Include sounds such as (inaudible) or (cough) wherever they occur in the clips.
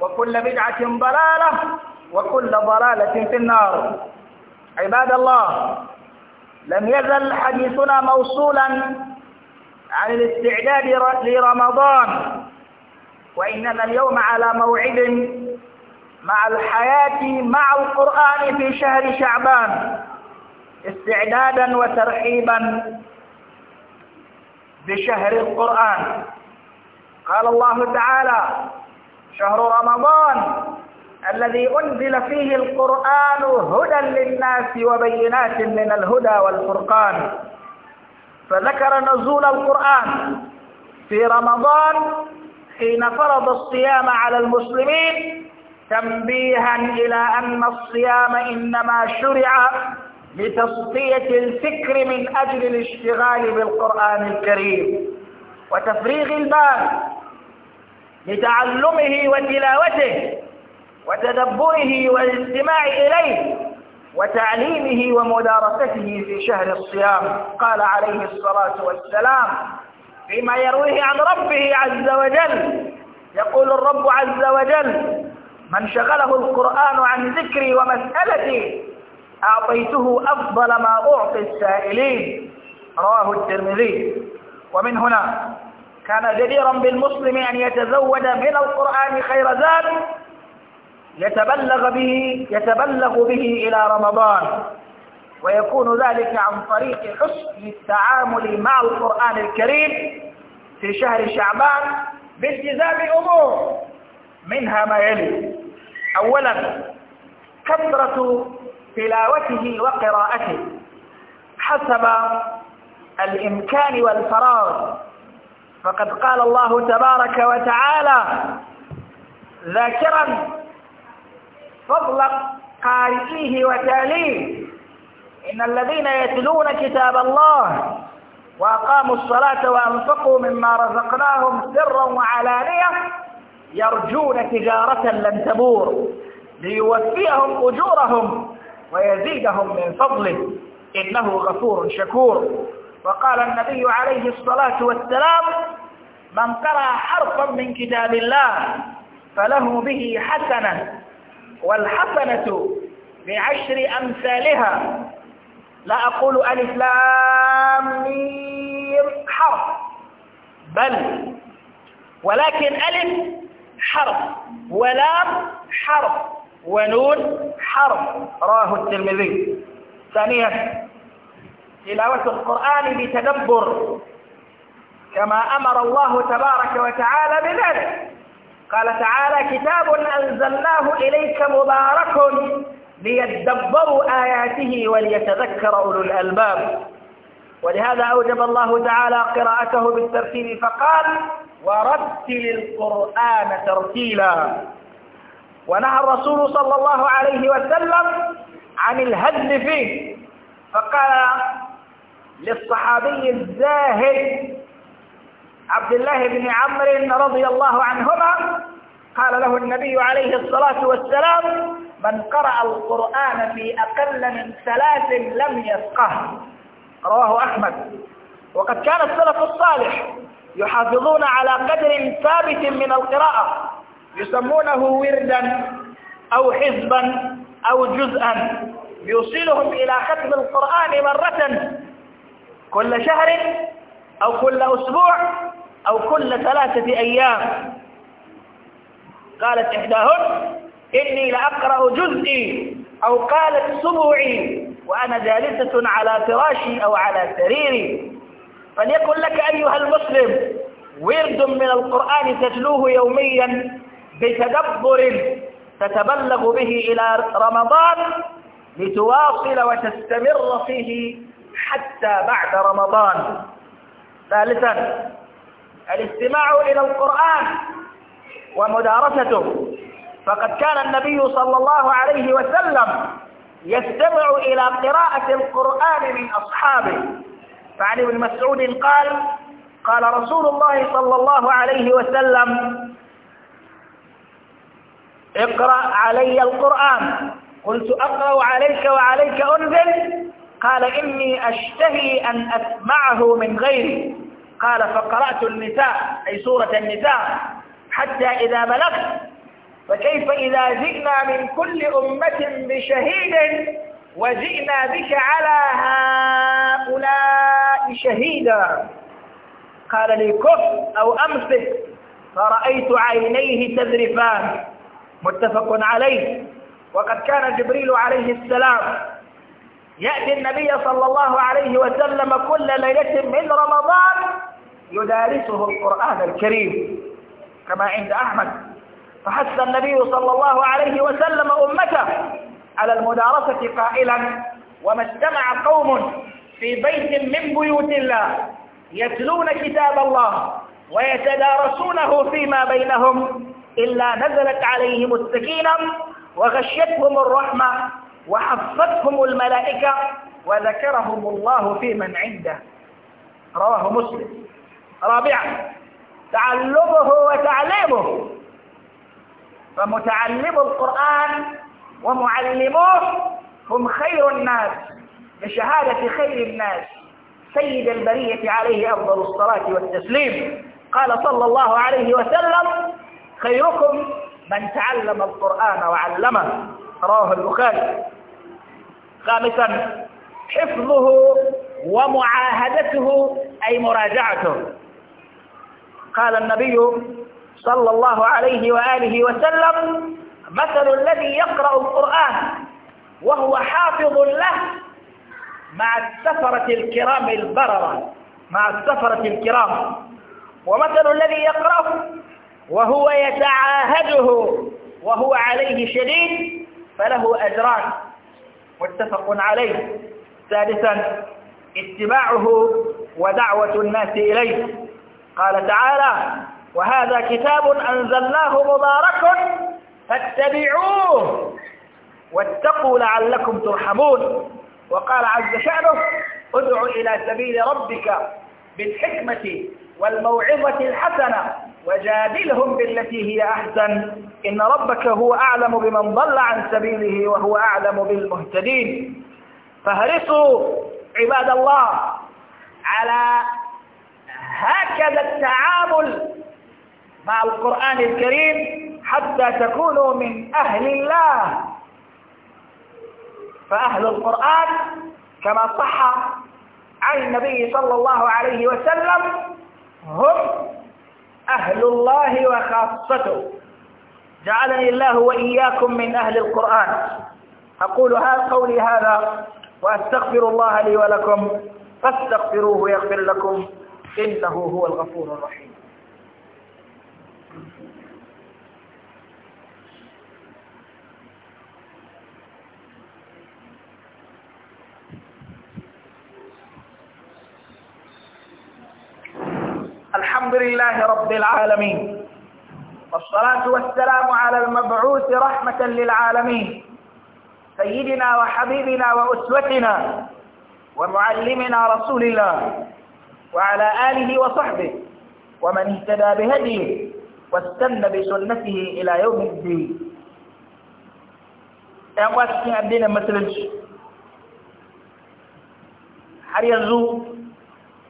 وكل بدعة ضلالة وكل ضلالة في النار عباد الله لم يزل حديثنا موصولا عن الاستعداد لرمضان وإننا اليوم على موعد مع الحياة مع القرآن في شهر شعبان استعدادا وترحيبا بشهر القرآن قال الله تعالى شهر رمضان الذي أنزل فيه القرآن هدى للناس وبينات من الهدى والفرقان فذكر نزول القرآن في رمضان حين فرض الصيام على المسلمين تنبيها إلى أن الصيام إنما شرع لتصفية الفكر من أجل الاشتغال بالقرآن الكريم وتفريغ البال لتعلمه وتلاوته وتدبره والاستماع إليه وتعليمه ومدارسته في شهر الصيام قال عليه الصلاة والسلام فيما يرويه عن ربه عز وجل يقول الرب عز وجل من شغله القرآن عن ذكري ومسألتي أعطيته أفضل ما أعطي السائلين رواه الترمذي ومن هنا كان جديرا بالمسلم أن يتزود من القرآن خير زاد يتبلغ به يتبلغ به إلى رمضان ويكون ذلك عن طريق حسن التعامل مع القرآن الكريم في شهر شعبان بالتزام أمور منها ما يلي أولا كثرة تلاوته وقراءته حسب الإمكان والفراغ فقد قال الله تبارك وتعالى ذاكرا فضل قارئيه وتاليه إن الذين يتلون كتاب الله وأقاموا الصلاة وأنفقوا مما رزقناهم سرا وعلانية يرجون تجارة لن تبور ليوفيهم أجورهم ويزيدهم من فضله إنه غفور شكور وقال النبي عليه الصلاة والسلام من قرأ حرفا من كتاب الله فله به حسنة والحسنة بعشر أمثالها لا أقول ألف لام ميم حرف بل ولكن ألف حرف ولام حرف ونون حرف راه الترمذي ثانيا تلاوة القرآن بتدبر كما أمر الله تبارك وتعالى بذلك قال تعالى كتاب أنزلناه إليك مبارك ليدبروا آياته وليتذكر أولو الألباب ولهذا أوجب الله تعالى قراءته بالترتيل فقال ورتل القرآن ترتيلا ونهى الرسول صلى الله عليه وسلم عن الهدل فيه فقال للصحابي الزاهد عبد الله بن عمرو رضي الله عنهما قال له النبي عليه الصلاة والسلام من قرأ القرآن في أقل من ثلاث لم يفقه رواه أحمد وقد كان السلف الصالح يحافظون على قدر ثابت من القراءة يسمونه وردا أو حزبا أو جزءا يوصلهم إلى ختم القرآن مرة كل شهر أو كل أسبوع أو كل ثلاثة أيام قالت إحداهن إني لأقرأ جزئي أو قالت سبوعي وأنا جالسة على فراشي أو على سريري فليكن لك أيها المسلم ورد من القرآن تتلوه يوميا بتدبر تتبلغ به إلى رمضان لتواصل وتستمر فيه حتى بعد رمضان ثالثا الاستماع إلى القرآن ومدارسته فقد كان النبي صلى الله عليه وسلم يستمع إلى قراءة القرآن من أصحابه فعن ابن مسعود قال قال رسول الله صلى الله عليه وسلم اقرأ علي القرآن قلت أقرأ عليك وعليك أنزل قال إني أشتهي أن أسمعه من غيري قال فقرأت النساء أي سورة النساء حتى إذا بلغت فكيف إذا جئنا من كل أمة بشهيد وجئنا بك على هؤلاء شهيدا قال لي كف أو أمسك فرأيت عينيه تذرفان متفق عليه وقد كان جبريل عليه السلام يأتي النبي صلى الله عليه وسلم كل ليلة من رمضان يدارسه القرآن الكريم كما عند أحمد فحث النبي صلى الله عليه وسلم أمته على المدارسة قائلا وما اجتمع قوم في بيت من بيوت الله يتلون كتاب الله ويتدارسونه فيما بينهم إلا نزلت عليهم السكينة وغشيتهم الرحمة وحفظتهم الملائكة وذكرهم الله في من عنده رواه مسلم رابعا تعلمه وتعليمه فمتعلم القرآن ومعلموه هم خير الناس بشهادة خير الناس سيد البرية عليه أفضل الصلاة والتسليم قال صلى الله عليه وسلم خيركم من تعلم القرآن وعلمه رواه البخاري خامسا حفظه ومعاهدته أي مراجعته قال النبي صلى الله عليه وآله وسلم مثل الذي يقرأ القرآن وهو حافظ له مع السفرة الكرام البررة مع السفرة الكرام ومثل الذي يقرأه وهو يتعاهده وهو عليه شديد فله أجران متفق عليه ثالثا اتباعه ودعوة الناس إليه قال تعالى وهذا كتاب أنزلناه مبارك فاتبعوه واتقوا لعلكم ترحمون وقال عز شأنه ادع إلى سبيل ربك بالحكمة والموعظة الحسنة وجادلهم بالتي هي أحسن إن ربك هو أعلم بمن ضل عن سبيله وهو أعلم بالمهتدين فهرصوا عباد الله على هكذا التعامل مع القرآن الكريم حتى تكونوا من أهل الله فأهل القرآن كما صح عن النبي صلى الله عليه وسلم هم أهل الله وخاصته جعلني الله وإياكم من أهل القرآن أقول هذا قولي هذا وأستغفر الله لي ولكم فاستغفروه يغفر لكم إنه هو الغفور الرحيم لله رب العالمين والصلاة والسلام على المبعوث رحمة للعالمين سيدنا وحبيبنا وأسوتنا ومعلمنا رسول الله وعلى آله وصحبه ومن اهتدى بهديه واستنى بسنته إلى يوم الدين ‘yan wasu addinin musulunci har yanzu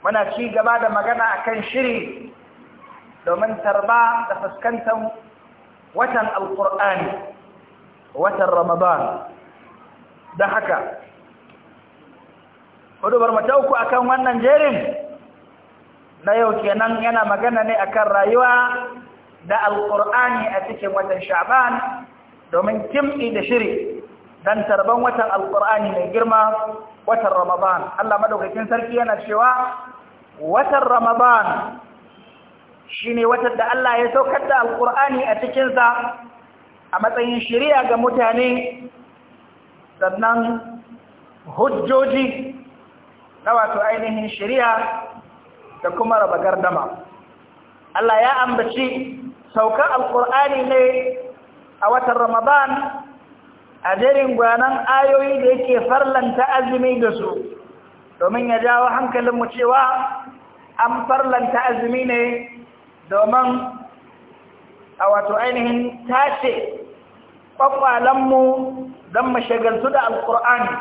muna ci gaba da magana akan domin tarba da fuskantar watan alkur'ani watan ramadan da haka hudubar mata uku akan wannan jerin na yau kenan yana magana ne akan rayuwa da alkur'ani a cikin watan sha'ban domin kim'i da shiri dan tarban watan alkur'ani mai girma watan ramadan Allah madaukakin sarki yana cewa watan ramadan shine watan da Allah ya saukar da alkur'ani a cikinsa a matsayin shiriya ga mutane sannan hujjoji na wato ainihin shiriya da kuma raba gardama Allah ya ambaci saukar alkur'ani ne a watan ramadan a jerin gwanan ayoyi da yake farlanta azumi da su domin ya jawo hankalinmu cewa an farlanta azumi ne domin a wato ainihin tace ƙwaƙwalanmu don shagaltu da Alƙur'ani,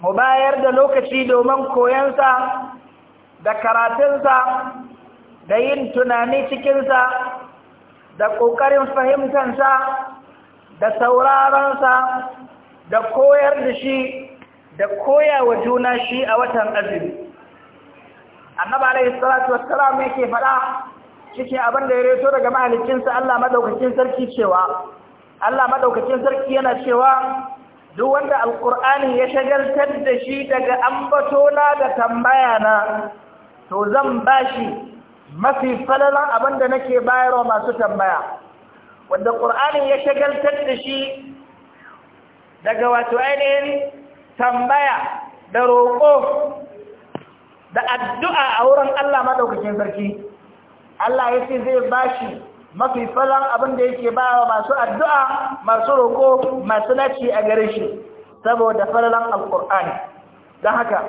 mu bayar da lokaci domin koyansa da karatunsa da yin tunani cikinsa da ƙoƙarin fahimtansa da sauraronsa da koyar da shi da koya wa juna shi a watan azumi annabalai alaihi salatu wassalam yake faɗa cikin abin da ya reto daga mahalicinsa Allah madaukakin sarki cewa Allah maɗaukacin sarki yana cewa duk wanda alkur'ani ya shagaltar da shi daga ambatona da tambaya na to zan bashi mafi falalan abin da nake bayarwa masu tambaya wanda ƙur'ani ya shagaltar da shi daga wato ainihin tambaya da roƙo da addu'a a wurin Allah maɗaukakin sarki Allah ya ce zai bashi mafi falon abin da yake ba wa masu addu'a masu roƙo, masu naci a gare shi saboda falon Alƙur'ani. don haka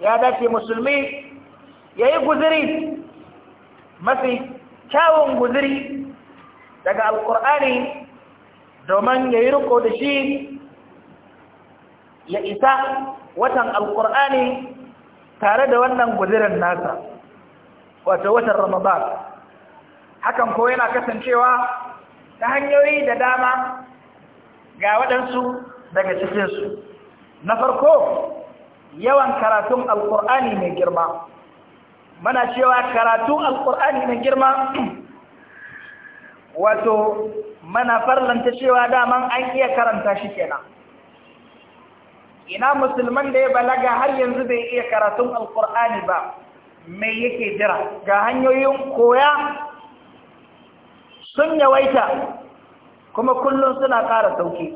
ya dace musulmi ya yi guziri mafi kyawun guziri daga Alƙur'ani domin ya yi riko da shi ya isa watan Alƙur'ani tare da wannan guzirin nasa wato watan ramadan hakan ko yana kasancewa ta hanyoyi da dama ga waɗansu daga cikinsu na farko yawan karatun alƙur'ani mai girma mana cewa karatun alƙur'ani mai girma (clears throat) wato mana farlanta cewa daman an iya karanta shi kenan ina musulman da ya balaga har yanzu bai iya karatun alkur'ani ba mai yake jira ga hanyoyin koya sun yawaita kuma kullum suna ƙara sauki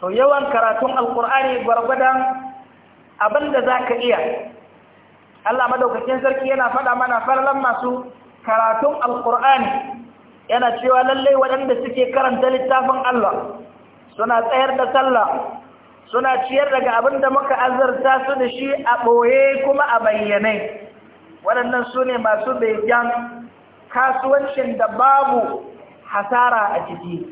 to yawan karatun alkur'ani gwargwadon abinda za ka iya Allah madaukakin sarki yana faɗa mana farlan masu karatun alkur'ani yana cewa lallai waɗanda suke karanta littafin Allah suna tsayar da sallah suna ciyar daga abin da muka azarta su da shi a ɓoye kuma a bayyane waɗannan su ne masu begen kasuwancin da babu hasara a ciki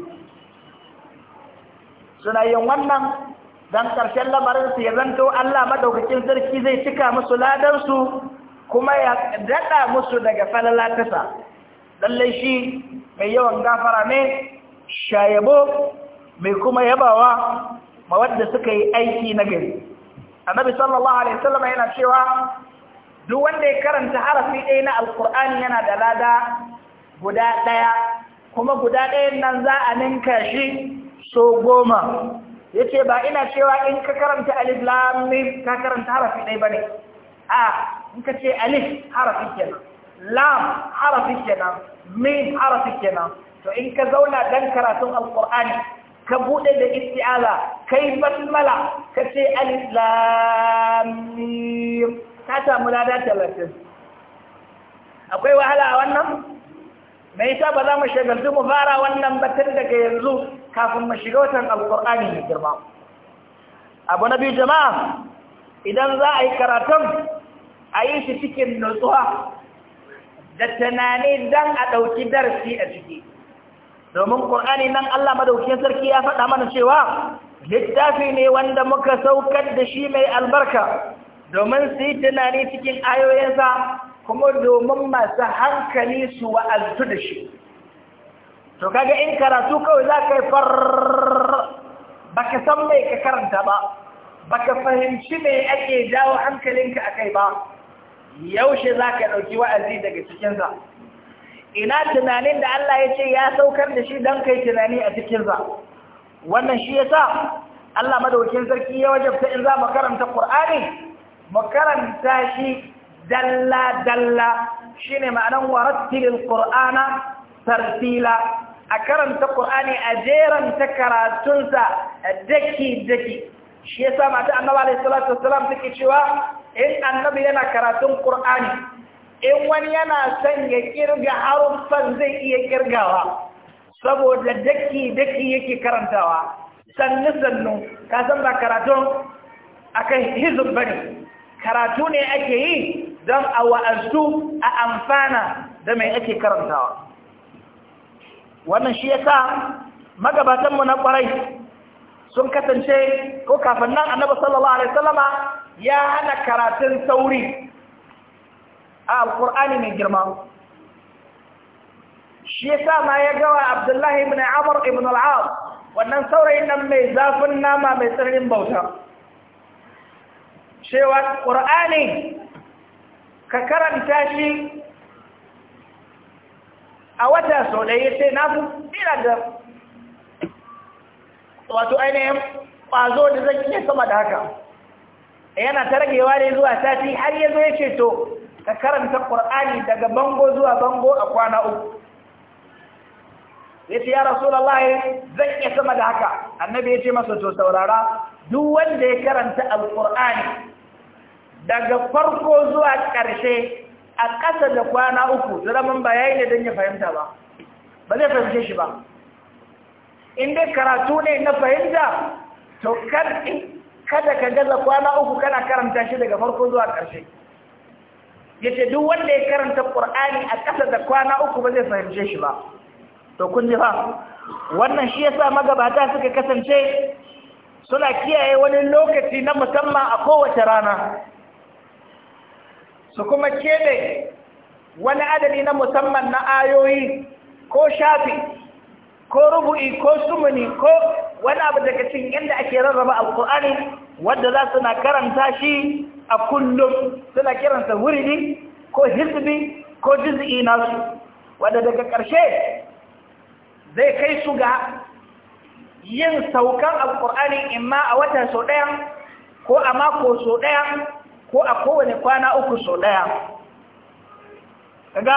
suna yin wannan don ƙarshen lamarinsu ya zanto Allah maɗaukacin sarki zai cika musu ladansu kuma ya daɗa musu daga falala lallai shi mai yawan gafara ne shayabo mai kuma yabawa ma wadda suka yi aiki na gari annabi sallallahu alaihi wasallam yana cewa duk wanda ya karanta harafi ɗaya na alkur'ani yana da lada guda ɗaya kuma guda ɗayan nan za a ninka shi so goma ya ce ba ina cewa in ka karanta alif lamim ka karanta harafi ɗaya ba ne a in ka ce alif harafi kenan lam harafi kenan mim harafi kenan to in ka zauna dan karatun alkur'ani ka buɗe da isti'ala kai basmala ka ce alif lamim ta samu lada talatin akwai wahala a wannan mai yasa ba za mu shagaltu mu fara wannan batun daga yanzu kafin mu shiga watan alƙur'ani mai girma abu na biyu jama'a idan za a yi karatun a yi shi cikin nutsuwa da tunani don a ɗauki darasi a ciki domin ƙur'ani nan Allah madaukin sarki ya faɗa mana cewa littafi ne wanda muka saukar da shi mai albarka domin su yi tunani cikin ayoyinsa kuma domin masu hankali su wa'aztu da shi to kaga in karatu kawai za ka yi ba ka san mai ka karanta ba ba ka fahimci mai ake jawo hankalinka a kai ba yaushe za ka ɗauki wa'azi daga cikinsa ina tunanin da Allah ya ce ya saukar da shi don kai tunani a cikinsa wannan shi ya sa Allah madaukin sarki ya wajabta in za mu karanta Qur'ani makaranta shi dalla dalla shine ma'anan warattilil qur'ana tartila a karanta qur'ani a jeran ta karatunsa daki daki shi ya sa mata annaba alayhi salatu wassalam suke cewa in annabi yana karatun Kur'ani. in wani yana son ya kirga haruffan zai iya kirgawa saboda daki daki yake karantawa sannu sannu ka san ba karatun akan ba bane karatu ne ake yi don a wa'azu a amfana da mai ake karantawa wannan shi ya sa magabatanmu na ƙwarai sun kasance ko kafin nan annaba sallallahu alaihi sallama ya hana karatun sauri a alƙur'ani mai girma shi ya sa ma ya gawa abdullahi ibn amur ibn al'ad wannan saurayin nan mai zafin nama mai tsirrin bauta cewa ƙur'ani ka karanta shi a wata sau ɗaya sai na fi ina da wato ainihin ƙwazo da zai iya sama da haka yana ta ragewa ne zuwa sati har ya zo ya ce to ka karanta ƙur'ani daga bango zuwa bango a kwana uku ya ce ya rasulallah zan iya sama da haka annabi ya ce masa to saurara duk wanda ya karanta alƙur'ani daga farko zuwa ƙarshe a ƙasa da kwana uku ziramin ba ya yi ne don ya fahimta ba ba zai fahimce shi ba inda karatu ne na fahimta to kada ka gaza kwana uku kana karanta shi daga farko zuwa ƙarshe ya ce duk wanda ya karanta ƙur'ani a ƙasa da kwana uku ba zai fahimce shi ba to kun ji ba wannan shi ya sa magabata suka kasance suna kiyaye wani lokaci na musamman a kowace rana su kuma keɓe wani adadi na musamman na ayoyi ko shafi ko rubu'i ko sumuni ko wani abu daga cikin yadda ake rarraba alkur'ani wadda za su na karanta shi a kullum suna kiransa wuridi ko hizbi ko jiz'i nasu wadda daga ƙarshe zai kai su ga yin saukan alkur'ani imma a wata sau ɗaya ko a mako sau ɗaya ko a kowane kwana uku so ɗaya daga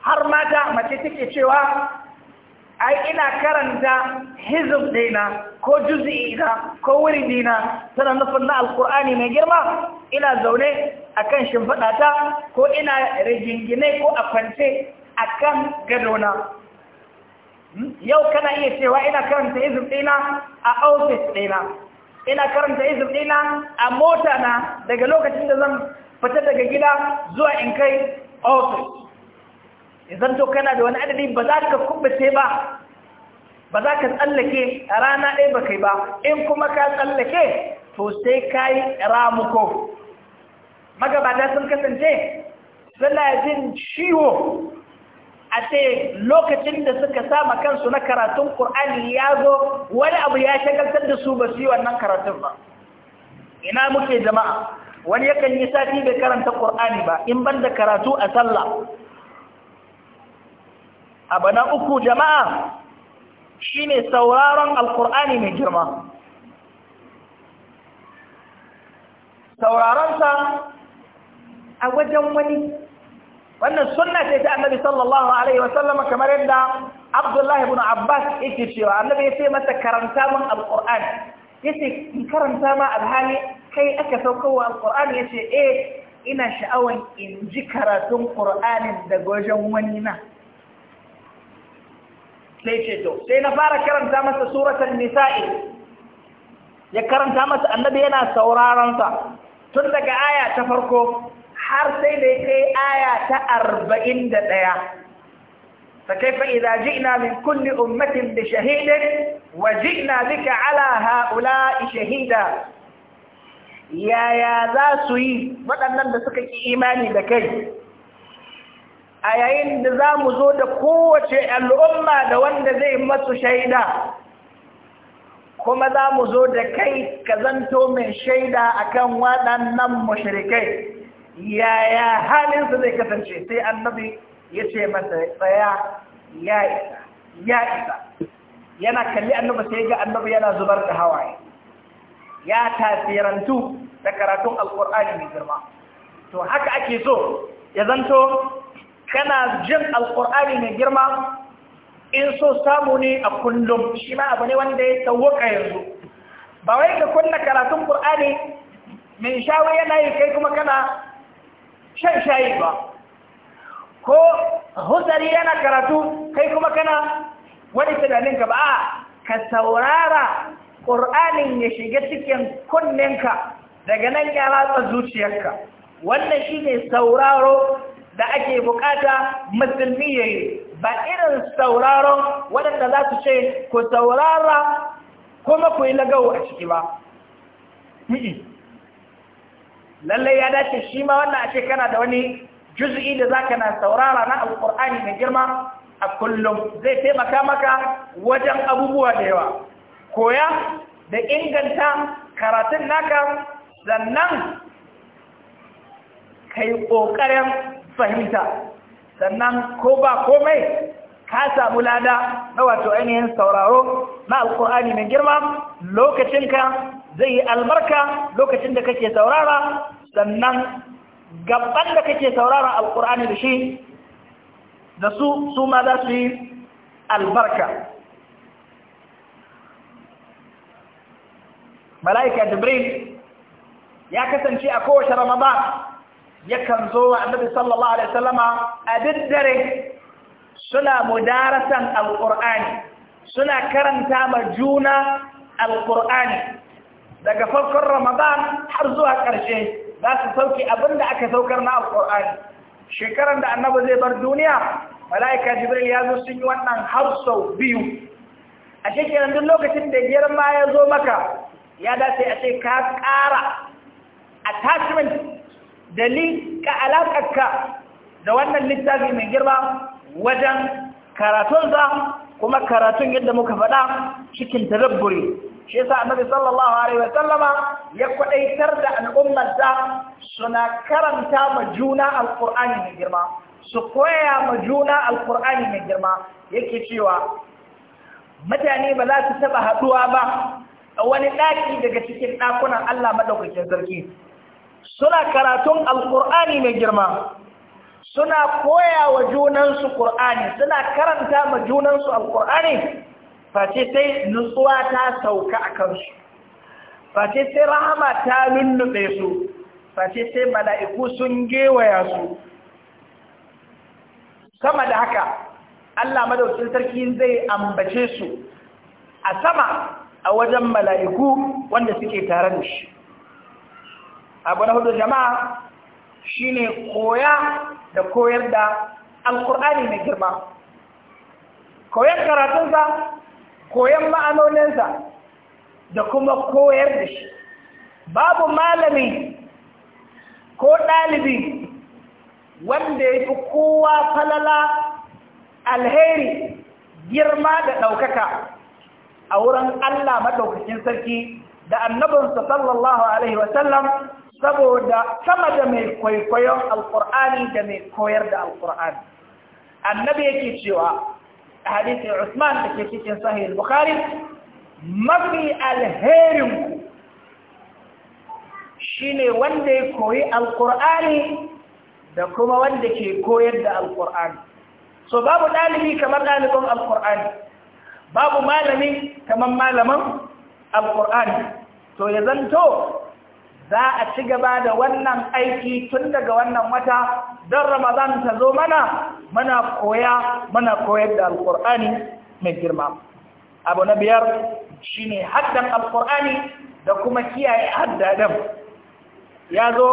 har mata mace take cewa ai ina karanta hizb dina ko juz'i na ko wuri dina tana nufin na alkur'ani mai girma ina zaune akan shimfaɗata, ko ina rigingine ko a kwance akan gadona hmm? yau kana iya cewa ina karanta hizb dina a ofis dina ina karanta izin ɗina a mota na daga lokacin da zan fita daga gida zuwa in kai ofis izan to kana da wani adadi ba za ka kubbace ba ba za ka tsallake a rana ɗaya ba kai ba in kuma ka tsallake to sai ka yi ramuko magabata sun kasance suna jin ciwo a ce lokacin da suka sama kansu na karatun Kur'ani ya zo wani abu ya shagaltar da su ba su yi wannan karatun ba ina muke jama'a wani yakan yi sati bai karanta Kur'ani ba in ban da karatu a sallah abu na uku jama'a shine sauraron alkur'ani mai girma sauraronsa a wajen wani wannan sunna ce ta annabi sallallahu alaihi wasallam kamar yadda abdullahi ibn abbas yake cewa annabi ya ce masa karanta min alquran yace in karanta ma alhali kai aka saukowa alquran yace eh ina sha'awan in ji karatun qur'anin da wajen wani na sai ce to sai na fara karanta masa suratul nisa'i ya karanta masa annabi yana sauraron sa tun daga aya ta farko har sai da ya kai aya ta arba'in da ɗaya فكيف إذا da من كل أمة بشهيد وجئنا بك على هؤلاء شهيدا Yaya za su yi waɗannan da suka ki imani da kai a yayin da za mu zo da kowace al'umma da wanda zai masu shaida kuma za mu zo da kai ka zanto mai shaida akan waɗannan mashirikai yaya halinsa zai kasance sai annabi ya ce masa tsaya ya isa ya isa yana kalli annabi sai ga annabi yana zubar da hawaye ya tasirantu da karatun alkur'ani mai girma to haka ake so ya zanto kana jin alkur'ani mai girma in so samu ne a kullum shi ma abu ne wanda ya tawaka yanzu ba wai ka kunna karatun qur'ani min shawo yana yi kai kuma kana shan shayi ba ko hutsari yana karatu kai kuma kana wani tunaninka ba a ka saurara ƙur'anin ya shiga cikin kunninka daga nan ya ratsa zuciyarka wannan shi ne sauraro da ake bukata musulmi ya yi ba irin sauraron waɗanda za su ce ku saurara kuma ku yi lagawo a ciki ba lallai ya dace shi ma wannan ce kana da wani juz'i da zaka na saurara na alqur'ani mai girma a kullum zai taimaka maka wajen abubuwa da yawa koya da inganta karatun naka sannan kai kokarin fahimta sannan ko ba komai ka samu lada na wato ainihin sauraro na alkur'ani mai girma lokacinka zai yi albarka lokacin da kake saurara sannan gaban da kake saurara alkur'ani da shi da su su ma za su yi albarka mala'ika jibril ya kasance a kowace ramadan yakan zo wa annabi sallallahu alaihi wasallama a daddare suna mudarasan alkur'ani suna karanta ma juna alkur'ani daga farkon ramadan har zuwa ƙarshe za su sauke abin da aka saukar na alƙur'ani Shekarar da annaba zai bar duniya mala'ika jibril ya zo sun yi wannan har sau biyu a cikin duk lokacin da girma ya zo maka ya dace a ce ka ƙara attachment da liƙa alaƙarka da wannan littafi mai girma wajen karatunsa kuma karatun yadda muka faɗa cikin tadabburi shi yasa annabi sallallahu alaihi wa sallama ya kwadaitar da al'ummarsa suna karanta ma juna alqur'ani mai girma su koya ma juna alqur'ani mai girma yake cewa mutane ba za su taba haduwa ba wani daki daga cikin dakunan Allah madaukakin sarki suna karatun alqur'ani mai girma suna koya wa junansu qur'ani suna karanta ma junansu alqur'ani face sai nutsuwa ta sauka a kansu face sai rahama ta lullube su face sai mala'iku sun gewaya su sama da haka Allah madaukin sarki zai ambace su a sama a wajen mala'iku wanda suke tare da shi abu na hudu jama'a shine koya da koyar da alkur'ani mai girma koyar karatunsa koyan ma'anoninsa da kuma koyar da shi babu malami ko ɗalibi wanda ya fi kowa falala alheri girma da ɗaukaka a wurin Allah maɗaukacin sarki da annabinsa sallallahu Alaihi wasallam saboda sama da mai kwaikwayon alƙur'ani da mai koyar da alƙur'ani annabi yake cewa hadisin Usman da ke cikin sahih Bukhari mafi alherin shine wanda ya koyi alkur'ani da kuma wanda ke koyar da alkur'ani so babu ɗalibi kamar ɗalibin alkur'ani babu malami kamar malaman alkur'ani to ya zanto za a ci gaba da wannan aiki tun daga wannan wata don ramadan ta zo mana muna koya muna koyar da alkur'ani mai girma abu na biyar shine haddan alkur'ani da kuma kiyaye haddadan ya zo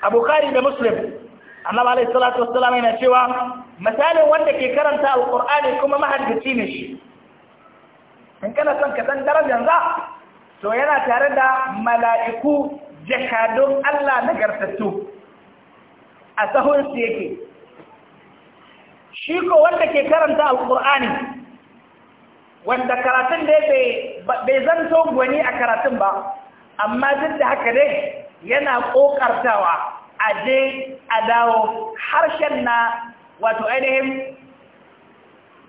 a da muslim annaba alaihi salatu wassalam yana cewa misalin wanda ke karanta alkur'ani kuma mahaddaci ne shi in kana son ka san darajar za to yana tare da mala'iku jakadun Allah na gartattu, a sahunsu yake shi ko wanda ke karanta alƙur'ani wanda karatun da ya bai zanto gwani a karatun ba amma duk da haka dai yana ƙoƙartawa a je a dawo harshen na wato ainihin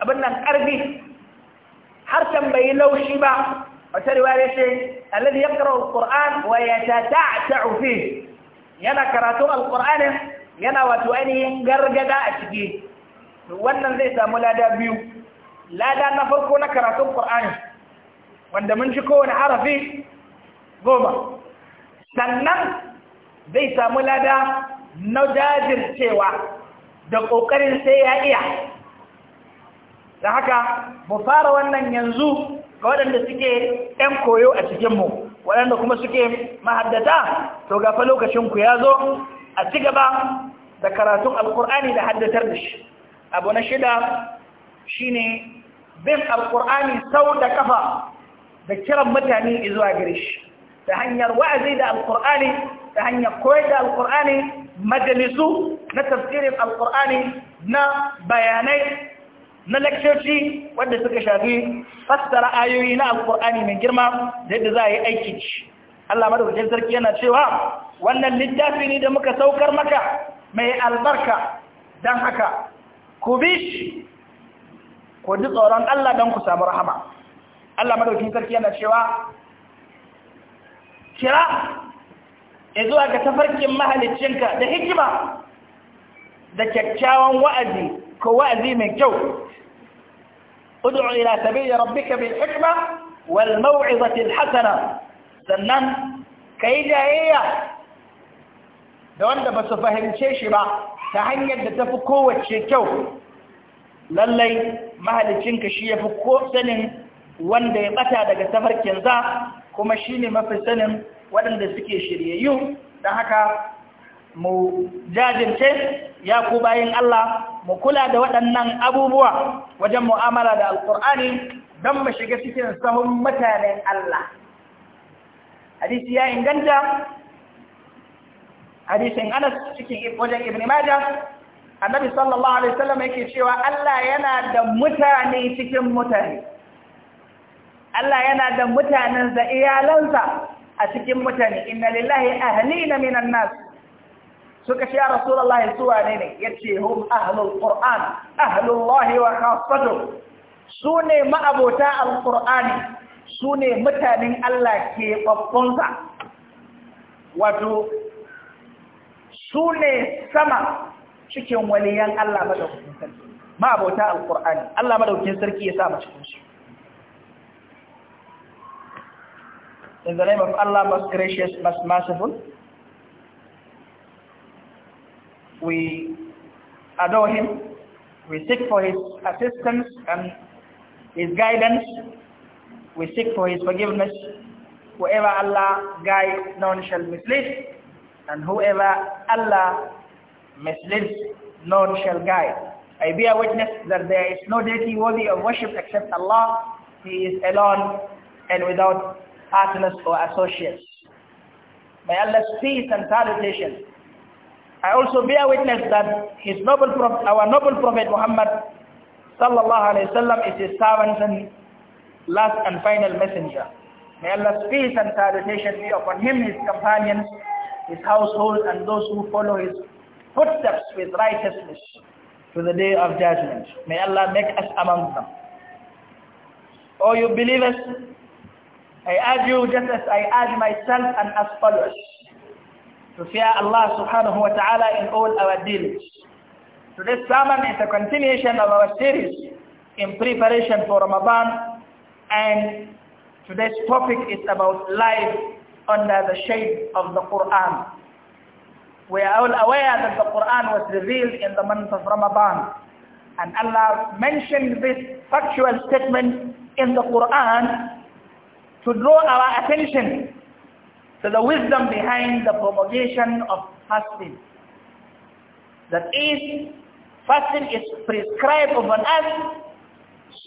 abin nan ƙarfi harshen bai yi laushi ba wata riwaya ce alladhi yaqra alquran wa yatata'u fi yana karatu alqur'ani yana wato ainihin gargada a ciki wannan zai samu lada biyu lada na farko na karatun qur'ani wanda mun ji kowane harafi goma sannan zai samu lada na jajircewa da ƙoƙarin sai ya iya da haka mu fara wannan yanzu ga waɗanda suke ‘yan koyo a cikinmu waɗanda kuma suke mahaddata to gafa lokacinku ya zo a ci gaba da karatun alkur'ani da haddatar da shi abu na shida shi ne bin alkur'ani sau da kafa da kiran mutane zuwa gare shi ta hanyar wa'azi da alkur'ani ta hanyar koyar da alkur'ani majalisu na tafsirin alkur'ani na bayanai na lakcoci wadda suka shafi fassara ayoyi na alkur'ani mai girma da yadda za a yi aikin shi Allah madaukakin sarki yana cewa wannan littafi ne da muka saukar maka mai albarka don haka ku bi shi ku ji tsoron Allah don ku samu rahama Allah madaukakin sarki yana cewa kira ya zuwa ga tafarkin mahalicinka da hikima da kyakkyawan wa'azi ko wa'azi mai kyau ud'u ila sabili rabbika bil hikma wal maw'izati al sannan kai jayayya da wanda ba su fahimce shi ba ta hanyar da tafi kowace kyau lallai mahalicinka shi ya fi sanin wanda ya bata daga tafarkin za kuma shi ne mafi sanin waɗanda suke shiryayyu don haka mu jajince ya ku bayin Allah mu kula da waɗannan abubuwa wajen mu'amala da al alƙur'ani don mu shiga cikin sahun mutanen Allah hadisi ya inganta hadisin Anas cikin wajen Ibn Majah annabi sallallahu alaihi wasallam yake cewa Allah yana da mutane cikin mutane Allah yana da mutanen za iyalansa a cikin mutane inna lillahi ahli na minan nasu. suka ce ya su wane ne ne yace hum ahlul qur'an ahlullahi wa khassatuh sune ma'abota alqur'ani sune mutanen Allah ke babbansa wato sune sama cikin waliyan Allah madaukakin sarki ma'abota alqur'ani Allah madaukakin sarki ya sa cikin su in the name of Allah most gracious most merciful we adore him, we seek for his assistance and his guidance, we seek for his forgiveness. Whoever Allah guides, none shall mislead, and whoever Allah misleads, none shall guide. I bear witness that there is no deity worthy of worship except Allah. He is alone and without partners or associates. May Allah's peace and salutation I also bear witness that his noble our noble prophet Muhammad sallallahu alaihi wasallam is his servant and last and final messenger. May Allah's peace and salutation be upon him, his companions, his household, and those who follow his footsteps with righteousness to the day of judgment. May Allah make us among them. O you believers, I urge you just as I urge myself and as followers to fear Allah subhanahu wa ta'ala in all our dealings. Today's sermon is a continuation of our series in preparation for Ramadan and today's topic is about life under the shade of the Quran. We are all aware that the Quran was revealed in the month of Ramadan and Allah mentioned this factual statement in the Quran to draw our attention so the wisdom behind the promulgation of fasting. That is, fasting is prescribed upon us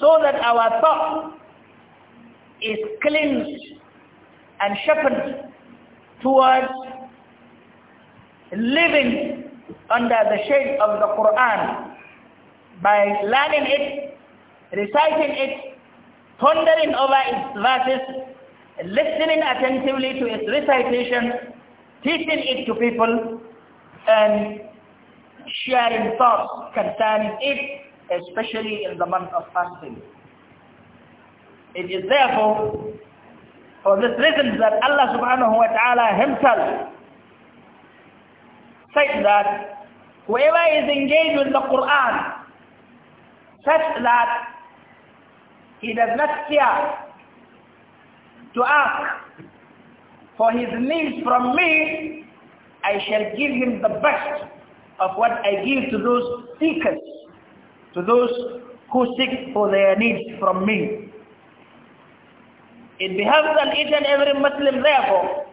so that our thought is cleansed and sharpened towards living under the shade of the Quran by learning it, reciting it, pondering over its verses, listening attentively to its recitation, teaching it to people, and sharing thoughts concerning it, especially in the month of fasting. It is therefore for this reason that Allah subhanahu wa ta'ala himself said that whoever is engaged with the Quran such that he does not fear to ask for his needs from me, I shall give him the best of what I give to those seekers, to those who seek for their needs from me. It behoves on each and every Muslim therefore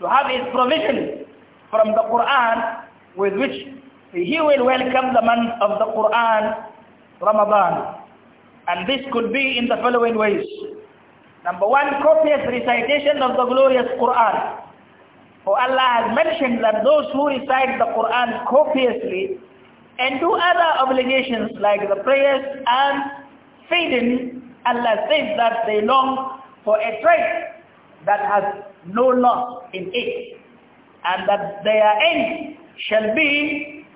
to have his provision from the Quran with which he will welcome the month of the Quran, Ramadan. And this could be in the following ways. Number one, copious recitation of the glorious Quran. For oh, Allah has mentioned that those who recite the Quran copiously and do other obligations like the prayers and feeding, Allah says that they long for a trade that has no loss in it and that their end shall be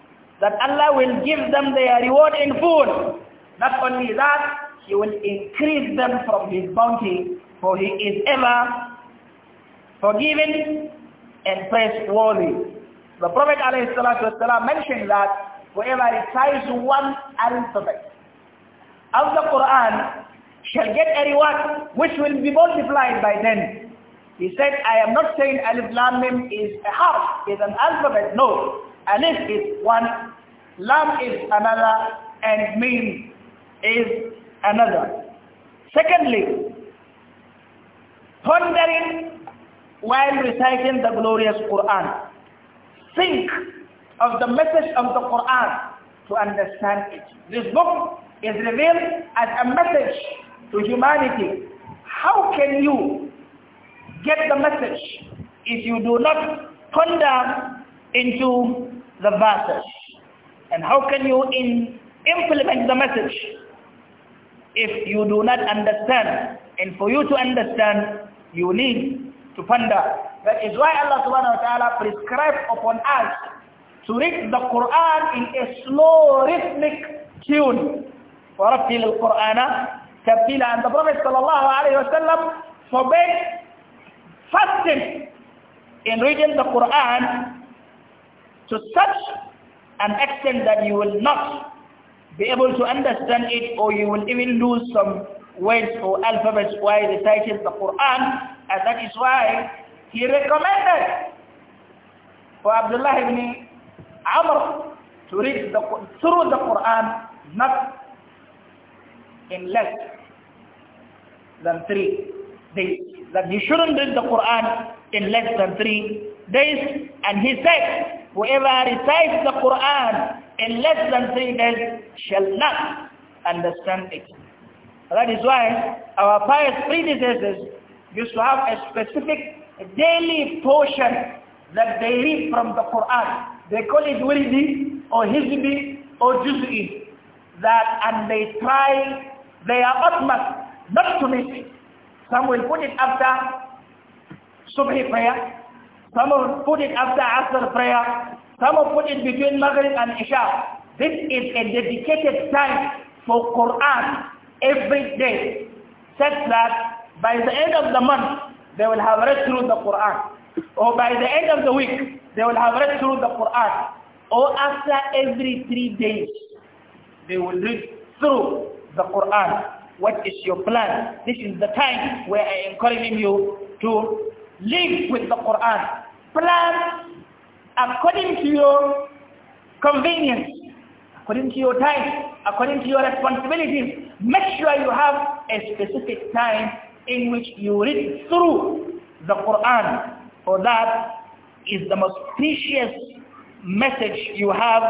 that Allah will give them their reward in full. Not only that, he will increase them from His bounty, for He is ever forgiving and praiseworthy. The Prophet ﷺ mentioned that whoever recites one alphabet of the Quran shall get a reward which will be multiplied by ten. He said, I am not saying Alif Lam Mim is a harp, is an alphabet. No, Alif is one, Lam is another, and Mim is another. Secondly, pondering while reciting the glorious Quran. Think of the message of the Quran to understand it. This book is revealed as a message to humanity. How can you get the message if you do not ponder into the verses? And how can you in implement the message if you do not understand. And for you to understand, you need to ponder. That is why Allah subhanahu wa ta'ala prescribed upon us to read the Quran in a slow rhythmic tune. For وَرَبِّلِ الْقُرْآنَ تَبْتِيلًا And the Prophet sallallahu alayhi wa sallam forbade fasting in reading the Quran to such an extent that you will not be able to understand it or you will even lose some words or alphabets while reciting the Quran and that is why he recommended for Abdullah ibn Amr to read the, through the Quran not in less than three days that he shouldn't read the Quran in less than three days and he said whoever recites the Quran in less than three days shall not understand it. That is why our pious predecessors used to have a specific daily portion that they read from the Quran. They call it wiridi or hizbi or juz'i. That and they try their utmost not to miss it. Some will put it after subhi prayer. Some will put it after asr prayer. Some have put it between Maghrib and Isha. This is a dedicated time for Quran every day, such that by the end of the month, they will have read through the Quran. Or by the end of the week, they will have read through the Quran. Or after every three days, they will read through the Quran. What is your plan? This is the time where I am encouraging you to live with the Quran. Plan according to your convenience, according to your time, according to your responsibilities, make sure you have a specific time in which you read through the Quran. For that is the most precious message you have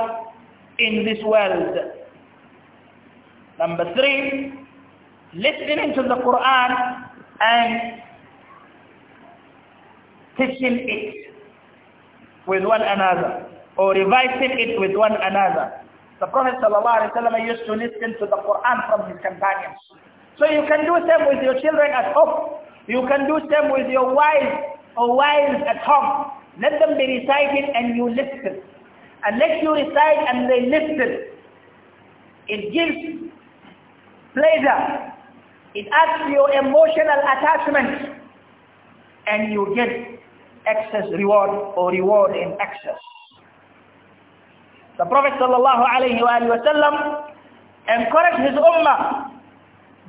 in this world. Number three, listening to the Quran and teaching it with one another or revising it with one another. The Prophet Wasallam used to listen to the Quran from his companions. So you can do same with your children at home. You can do same with your wives or wives at home. Let them be reciting and you listen. And let you recite and they listen. It gives pleasure. It adds your emotional attachment. And you get excess reward or reward in excess. The Prophet sallallahu alaihi wasallam encouraged his ummah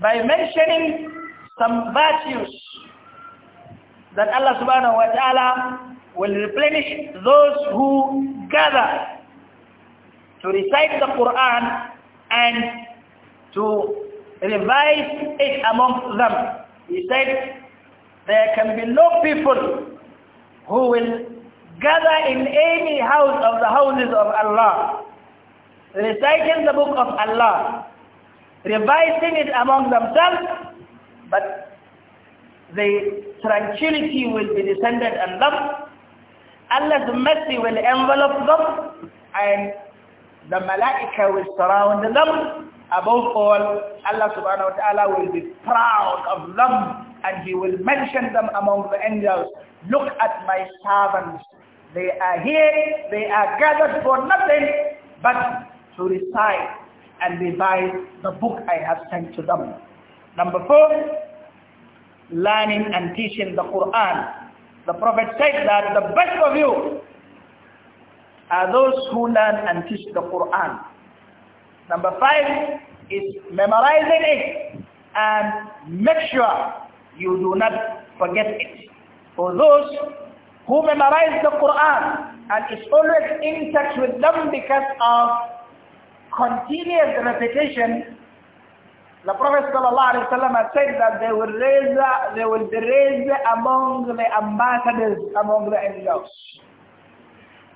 by mentioning some virtues that Allah subhanahu wa ta'ala will replenish those who gather to recite the Quran and to revise it among them. He said, there can be no people who will gather in any house of the houses of Allah, reciting the book of Allah, revising it among themselves, but the tranquility will be descended on them. Allah's mercy will envelop them and the malaika will surround them. Above all, Allah subhanahu wa ta'ala will be proud of them and he will mention them among the angels Look at my servants. They are here, they are gathered for nothing but to recite and revise the book I have sent to them. Number four, learning and teaching the Quran. The Prophet said that the best of you are those who learn and teach the Quran. Number five is memorizing it and make sure you do not forget it. For those who memorize the Quran and is always in touch with them because of continuous repetition, the Prophet has said that they will, raise, they will be raised among the ambassadors, among the angels.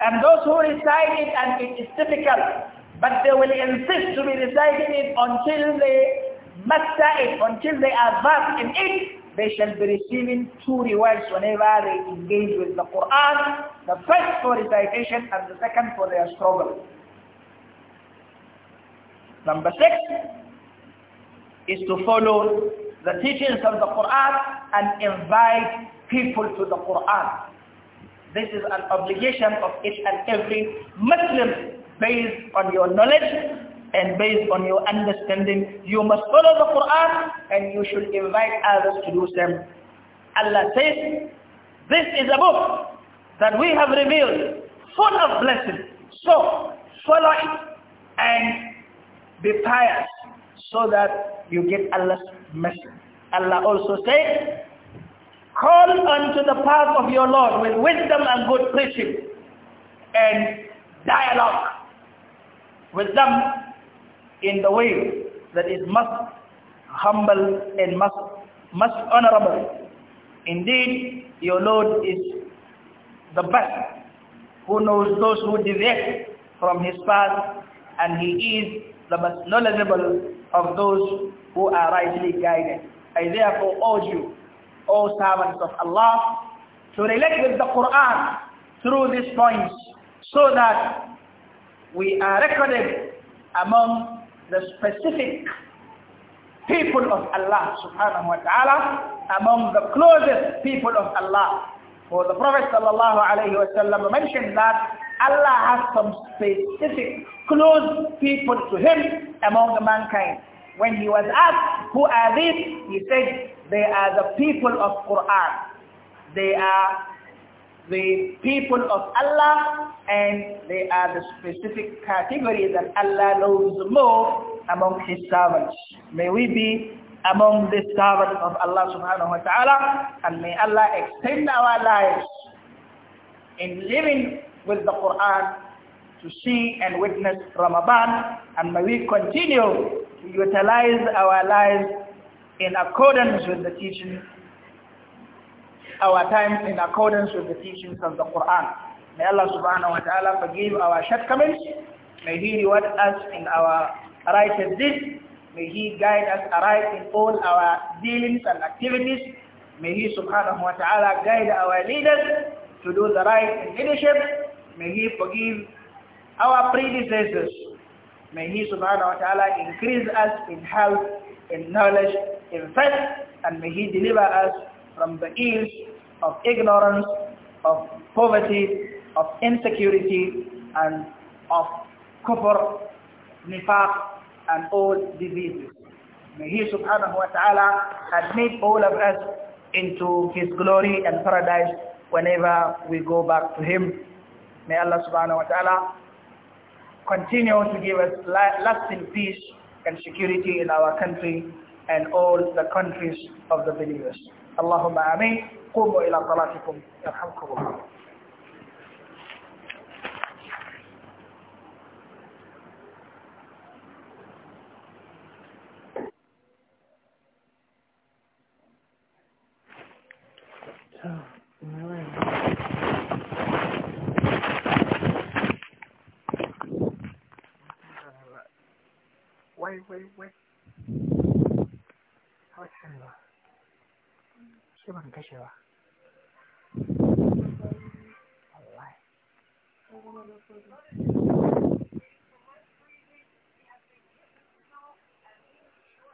And those who recite it and it is difficult, but they will insist to be reciting it until they master it, until they are in it, they shall be receiving two rewards whenever they engage with the Quran, the first for recitation and the second for their struggle. Number six is to follow the teachings of the Quran and invite people to the Quran. This is an obligation of each and every Muslim based on your knowledge and based on your understanding, you must follow the Quran and you should invite others to do same. Allah says, this is a book that we have revealed full of blessings. So follow it and be pious so that you get Allah's message. Allah also says, call unto the path of your Lord with wisdom and good preaching and dialogue with them in the way that is most humble and most, most honorable. Indeed, your Lord is the best who knows those who deviate from his path and he is the most knowledgeable of those who are rightly guided. I therefore urge you, O servants of Allah, to relate with the Quran through these points so that we are recorded among the specific people of Allah subhanahu wa ta'ala among the closest people of Allah. For the Prophet sallallahu alayhi wa sallam mentioned that Allah has some specific close people to him among the mankind. When he was asked, who are these? He said, they are the people of Quran. They are the people of Allah and they are the specific category that Allah loves more among his servants. May we be among the servants of Allah subhanahu wa ta'ala and may Allah extend our lives in living with the Quran to see and witness Ramadan and may we continue to utilize our lives in accordance with the teaching our times in accordance with the teachings of the Quran. May Allah subhanahu wa ta'ala forgive our shortcomings. May He reward us in our righteous deeds. May He guide us aright in all our dealings and activities. May He subhanahu wa ta'ala guide our leaders to do the right in leadership. May He forgive our predecessors. May He subhanahu wa ta'ala increase us in health, in knowledge, in faith, and may He deliver us from the ills of ignorance, of poverty, of insecurity, and of kufr, nifaq, and all diseases. May He subhanahu wa ta'ala admit all of us into His glory and paradise whenever we go back to Him. May Allah subhanahu wa ta'ala continue to give us lasting peace and security in our country and all the countries of the believers. اللهم آمين قوموا إلى صلاتكم يرحمكم الله Wait, wait, wait. kashe ba wallahi